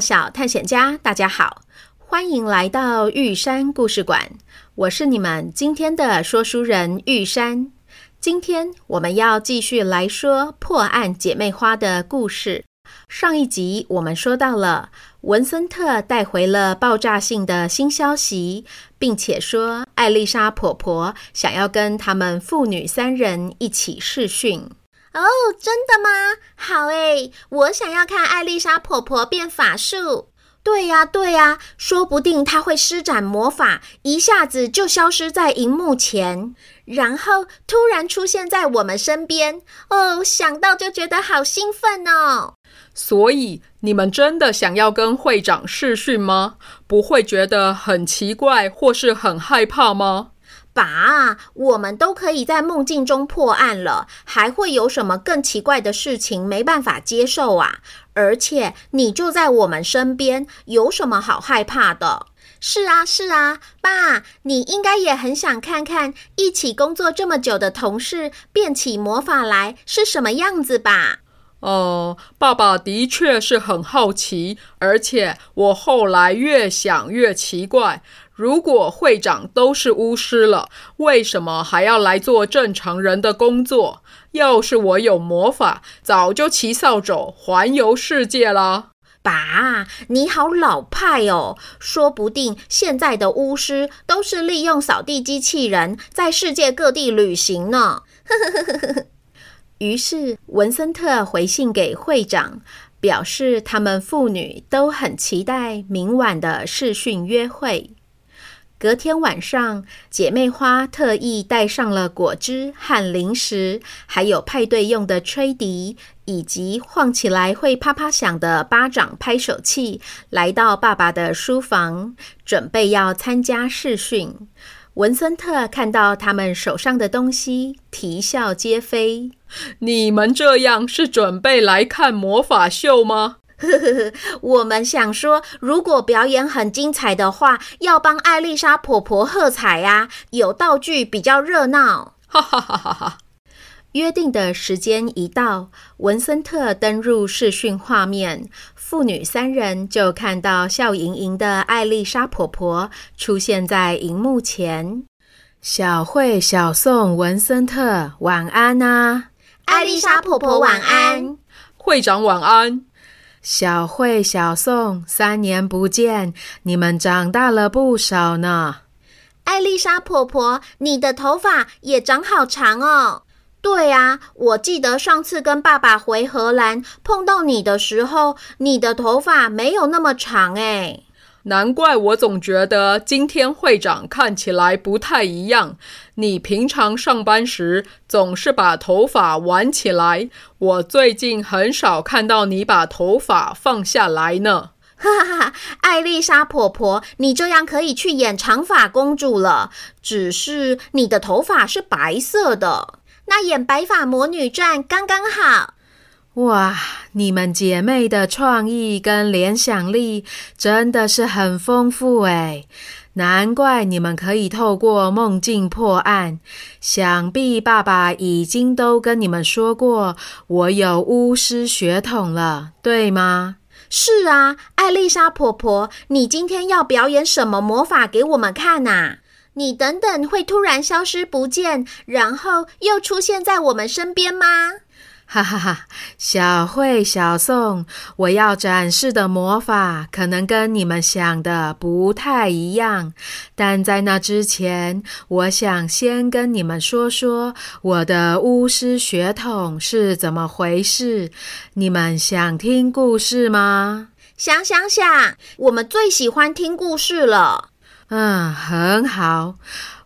小探險家，大家好，歡迎來到玉山故事館。我是你們今天的說書人玉山。今天我們要繼續來說破案姐妹花的故事。上一集我們說到了文森特帶回了爆炸性的新消息，並且說艾莉莎婆婆想要跟他們父女三人一起視訊。哦，oh, 真的嗎？好誒、欸，我想要看艾莉莎婆婆變法術。對呀、啊，對呀、啊，說不定她會施展魔法，一下子就消失在熒幕前，然後突然出現在我們身邊。哦、oh,，想到就覺得好興奮哦。所以你們真的想要跟會長視訊嗎？不會覺得很奇怪或是很害怕嗎？爸，我們都可以在夢境中破案了，還會有什麼更奇怪的事情沒辦法接受啊？而且你就在我們身邊，有什麼好害怕的？是啊，是啊，爸，你應該也很想看看一起工作這麼久的同事變起魔法來是什麼樣子吧？哦、呃，爸爸的確是很好奇，而且我後來越想越奇怪。如果會長都是巫師了，為什麼還要來做正常人的工作？要是我有魔法，早就騎掃帚環遊世界了。爸，你好老派哦！說不定現在的巫師都是利用掃地機器人在世界各地旅行呢。 於是文森特回信給會長，表示他們父女都很期待明晚的視訊約會。隔天晚上，姐妹花特意帶上了果汁和零食，還有派對用的吹笛，以及晃起來會啪啪響的巴掌拍手器，來到爸爸的書房，準備要參加視訊。文森特看到他們手上的東西，啼笑皆非：“你們這樣是準備來看魔法秀嗎？”呵呵呵， 我們想說，如果表演很精彩的話，要幫艾麗莎婆婆喝彩呀，啊！有道具比較熱鬧。 約定的時間一到，文森特登入視訊畫面，父女三人就看到笑盈盈的艾麗莎婆婆出現在螢幕前。小慧、小宋、文森特，晚安啊！艾麗莎婆婆，晚安！會長，晚安！小慧、小宋，三年不見，你們長大了不少呢。艾莉莎婆婆，你的頭髮也長好長哦。對啊，我記得上次跟爸爸回荷蘭碰到你的時候，你的頭髮沒有那麼長誒。難怪我總覺得今天會長看起來不太一樣。你平常上班時總是把頭髮挽起來，我最近很少看到你把頭髮放下來呢。哈哈哈！艾莉莎婆婆，你這樣可以去演長髮公主了。只是你的頭髮是白色的，那演白髮魔女傳剛剛好。哇，你們姐妹的創意跟聯想力真的是很豐富哎，難怪你們可以透過夢境破案。想必爸爸已經都跟你們說過，我有巫師血統了，對嗎？是啊，艾莉莎婆婆，你今天要表演什麼魔法給我們看吶、啊？你等等會突然消失不見，然後又出現在我們身邊嗎？哈哈哈， 小慧、小宋，我要展示的魔法可能跟你們想的不太一樣，但在那之前，我想先跟你們說說我的巫師血統是怎麼回事。你們想聽故事嗎？想想想，我們最喜歡聽故事了。嗯，很好。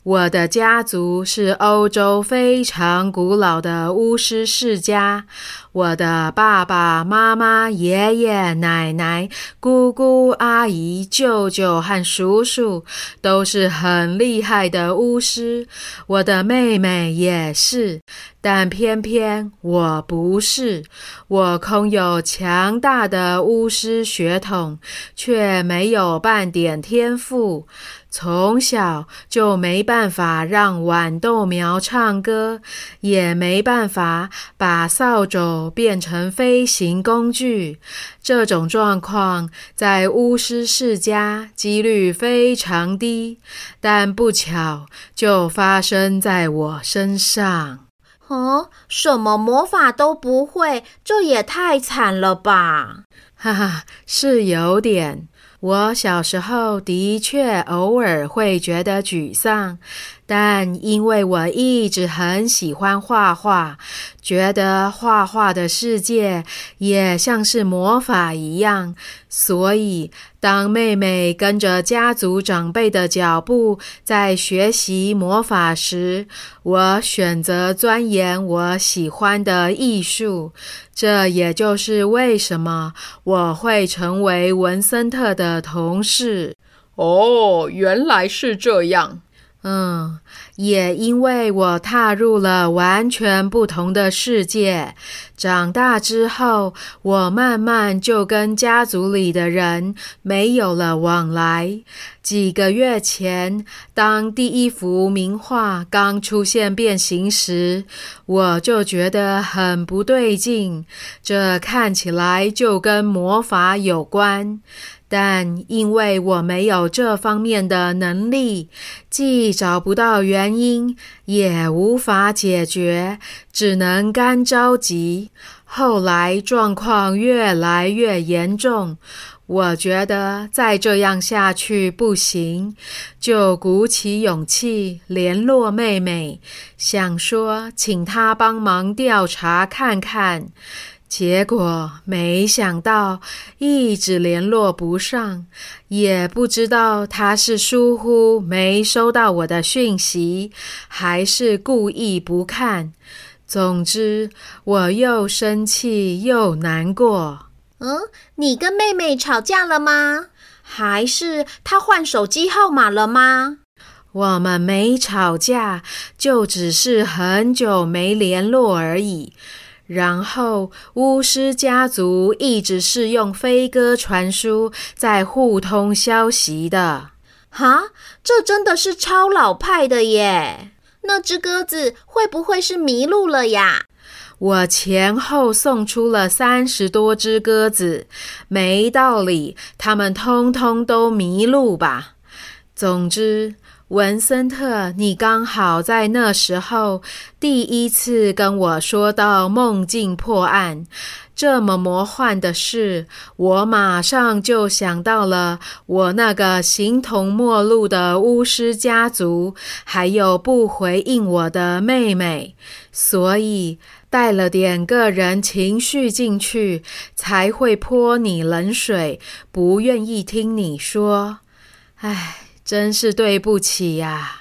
我的家族是歐洲非常古老的巫師世家。我的爸爸媽媽、爺爺奶奶、姑姑、阿姨、舅舅和叔叔都是很厲害的巫師，我的妹妹也是，但偏偏我不是。我空有強大的巫師血統，卻沒有半點天賦，從小就沒辦法讓豌豆苗唱歌，也沒辦法把掃帚。變成飛行工具，這種狀況在巫師世家幾率非常低，但不巧就發生在我身上。哦，什麼魔法都不會，這也太慘了吧！哈哈，是有點。我小時候的確偶爾會覺得沮喪，但因為我一直很喜歡畫畫。覺得畫畫的世界，也像是魔法一樣，所以當妹妹跟着家族長輩的腳步在學習魔法時，我選擇鑽研我喜歡的藝術，這也就是為什麼我會成為文森特的同事。哦，原來是這樣。嗯，也因為我踏入了完全不同的世界。長大之後，我慢慢就跟家族裡的人沒有了往來。幾個月前，當第一幅名畫剛出現變形時，我就覺得很不對勁。這看起來就跟魔法有關。但因為我沒有這方面的能力，既找不到原因，也無法解決，只能乾着急。後來狀況越來越嚴重，我覺得再這樣下去不行，就鼓起勇氣聯絡妹妹，想說請她幫忙調查看看。結果沒想到一直聯絡不上，也不知道他是疏忽沒收到我的訊息，還是故意不看。總之，我又生氣又難過。嗯，你跟妹妹吵架了嗎？還是她換手機號碼了嗎？我們沒吵架，就只是很久沒聯絡而已。然後，巫師家族一直是用飛鴿傳書在互通消息的。哈，這真的是超老派的耶！那隻鴿子會不會是迷路了呀？我前後送出了三十多隻鴿子，沒道理，他們通通都迷路吧。總之。文森特，你剛好在那時候第一次跟我說到夢境破案。這麼魔幻的事，我馬上就想到了我那個形同陌路的巫師家族，還有不回應我的妹妹。所以帶了點個人情緒進去，才會潑你冷水，不願意聽你說。唉。真是對不起呀、啊！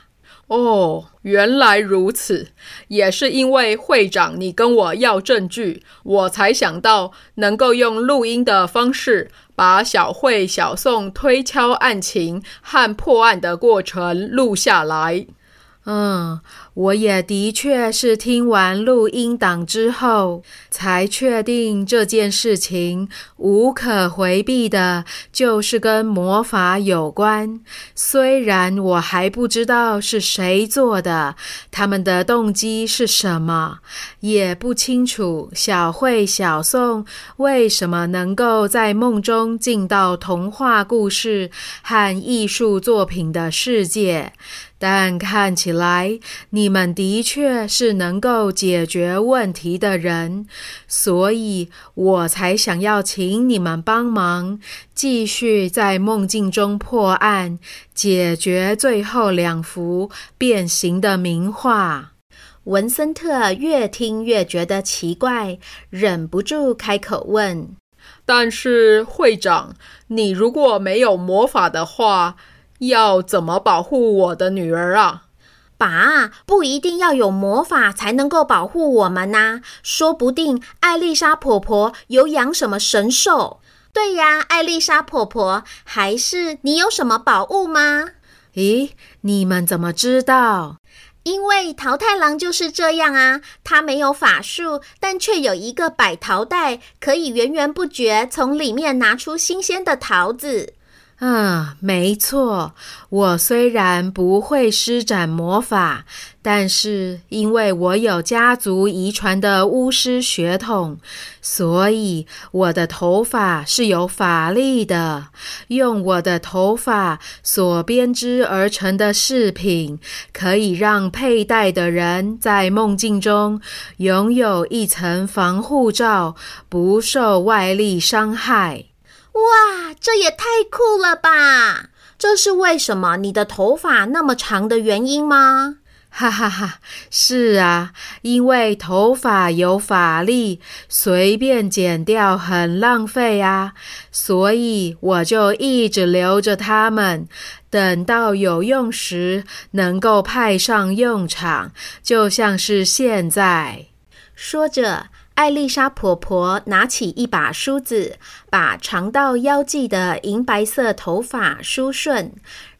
哦，原來如此，也是因為會長你跟我要證據，我才想到能夠用錄音的方式，把小慧、小宋推敲案情和破案的過程錄下來。嗯。我也的確是聽完錄音檔之後，才確定這件事情無可回避的，就是跟魔法有關。雖然我還不知道是誰做的，他們的動機是什麼，也不清楚小慧、小宋為什麼能夠在夢中進到童話故事和藝術作品的世界，但看起來你。你們的確是能夠解決問題的人，所以我才想要請你們幫忙，繼續在夢境中破案，解決最後兩幅變形的名畫。文森特越聽越覺得奇怪，忍不住開口問：“但是會長，你如果沒有魔法的話，要怎麼保護我的女兒啊？”啊，不一定要有魔法才能夠保護我們吶、啊。說不定艾莉莎婆婆有養什麼神獸？對呀、啊，艾莉莎婆婆，還是你有什麼寶物嗎？咦，你們怎麼知道？因為桃太郎就是這樣啊，他沒有法術，但卻有一個百桃袋，可以源源不絕從裡面拿出新鮮的桃子。嗯，沒錯。我雖然不會施展魔法，但是因為我有家族遺傳的巫師血統，所以我的頭髮是有法力的。用我的頭髮所編織而成的飾品，可以讓佩戴的人在夢境中擁有一層防護罩，不受外力傷害。哇，這也太酷了吧！這是為什麼你的頭髮那麼長的原因嗎？哈哈哈，是啊，因為頭髮有法力，隨便剪掉很浪費啊，所以我就一直留着它們，等到有用時能夠派上用場，就像是現在。說着，艾莉莎婆婆拿起一把梳子，把長到腰際的銀白色頭髮梳順，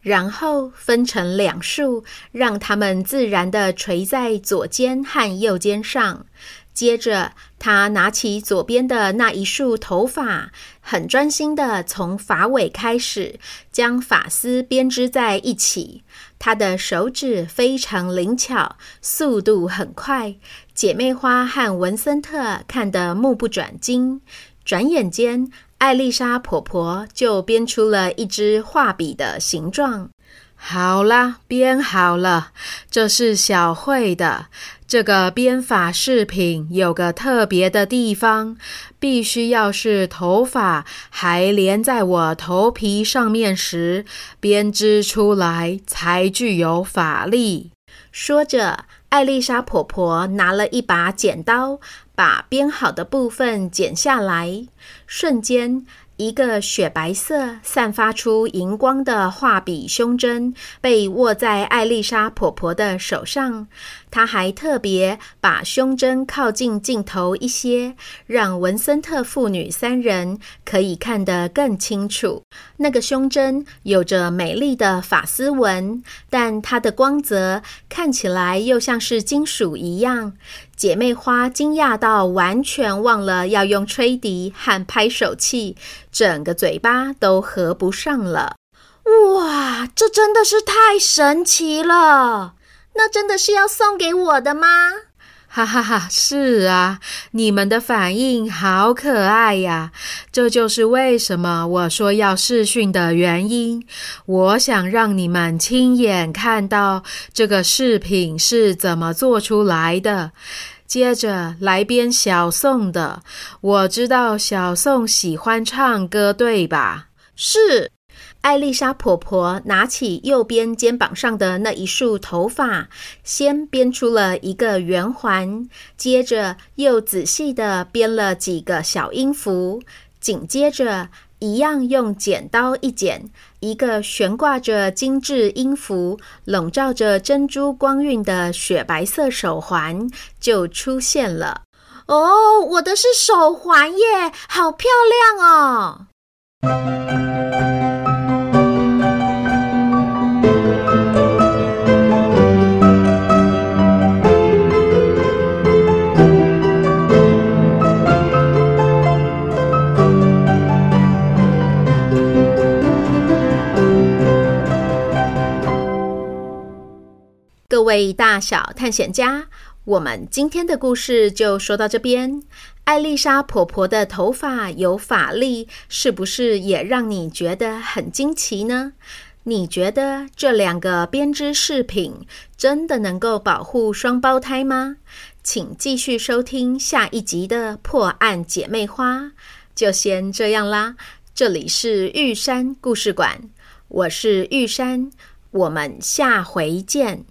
然後分成兩束，讓它們自然地垂在左肩和右肩上。接着，她拿起左邊的那一束頭髮，很專心地從髮尾開始將髮絲編織在一起。她的手指非常靈巧，速度很快。姐妹花和文森特看得目不轉睛。轉眼間，艾莉莎婆婆就編出了一支畫筆的形狀。好啦，編好了，這是小慧的。這個編髮飾品有個特別的地方，必須要是頭髮還連在我頭皮上面時編織出來才具有法力。說着。艾麗莎婆婆拿了一把剪刀，把編好的部分剪下來，瞬間。一個雪白色、散發出熒光的畫筆胸針被握在艾莉莎婆婆的手上，她還特別把胸針靠近鏡頭一些，讓文森特父女三人可以看得更清楚。那個胸針有着美麗的髮絲紋，但它的光澤看起來又像是金屬一樣。姐妹花驚訝到完全忘了要用吹笛和拍手器。整個嘴巴都合不上了，哇，這真的是太神奇了！那真的是要送給我的嗎？哈哈哈，是啊，你們的反應好可愛呀、啊！這就是為什麼我說要視訊的原因，我想讓你們親眼看到這個飾品是怎麼做出來的。接着來編小宋的，我知道小宋喜歡唱歌，對吧？是。艾麗莎婆婆拿起右邊肩膀上的那一束頭髮，先編出了一個圓環，接着又仔細地編了幾個小音符，緊接着。一樣用剪刀一剪，一個懸掛着精致音符、籠罩着珍珠光暈的雪白色手環就出現了。哦，我的是手環耶，好漂亮哦。各位大小探險家，我們今天的故事就說到這邊。艾麗莎婆婆的頭髮有法力，是不是也讓你覺得很驚奇呢？你覺得這兩個編織飾品真的能夠保護雙胞胎嗎？請繼續收聽下一集的《破案姐妹花》。就先這樣啦，這裡是玉山故事館，我是玉山，我們下回見。